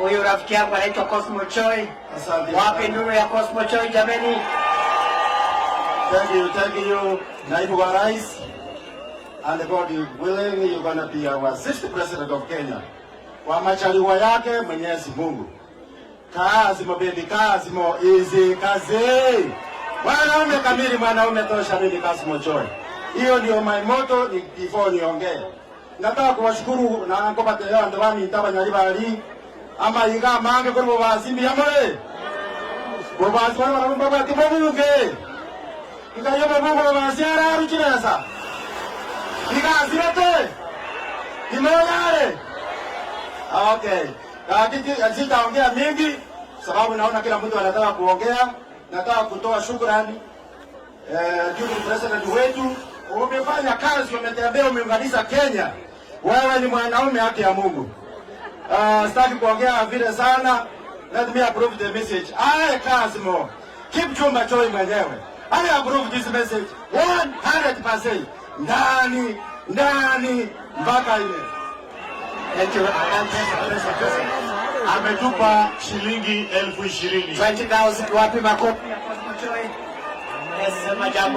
Huyu rafiki yangu anaitwa Cosmo Choi. Asante. Wapi nuru ya Cosmo Choi jameni? Thank you, thank you, Naibu wa Rais. And God willing, you're gonna be our sixth president of Kenya. Kwa machaliwa yake Mwenyezi Mungu. Kazi mabebi, kazi mo easy, kazi. Mwanaume kamili, mwanaume tosha mimi Cosmo Choi. Hiyo ndio my motto ni before niongee. Nataka kuwashukuru na ngopate tayari ndio wami nitaba nyaliba ali amahinga amange kuri bubazi mbiyamore bubazi bari barumva bati bobuge ngayo bobuge bubazi yararukireza igazirete imeonyare okay kakiti sitaongea mingi sababu naona kila mtu anataka kuongea nataka kutoa shukrani eh, juu president wetu umefanya kazi umetembea umeunganisha kenya wewe ni mwanaume hake ya mungu Uh, sitaki kuongea vile sana. Let me approve the message. Aye, I Kasmo. Kipchumba Choi mwenyewe. I approve this message 100%. Ndani ndani mpaka ile. Ametupa shilingi elfu ishirini. 20,000 wapi makopi Yes, Kasmo Choi?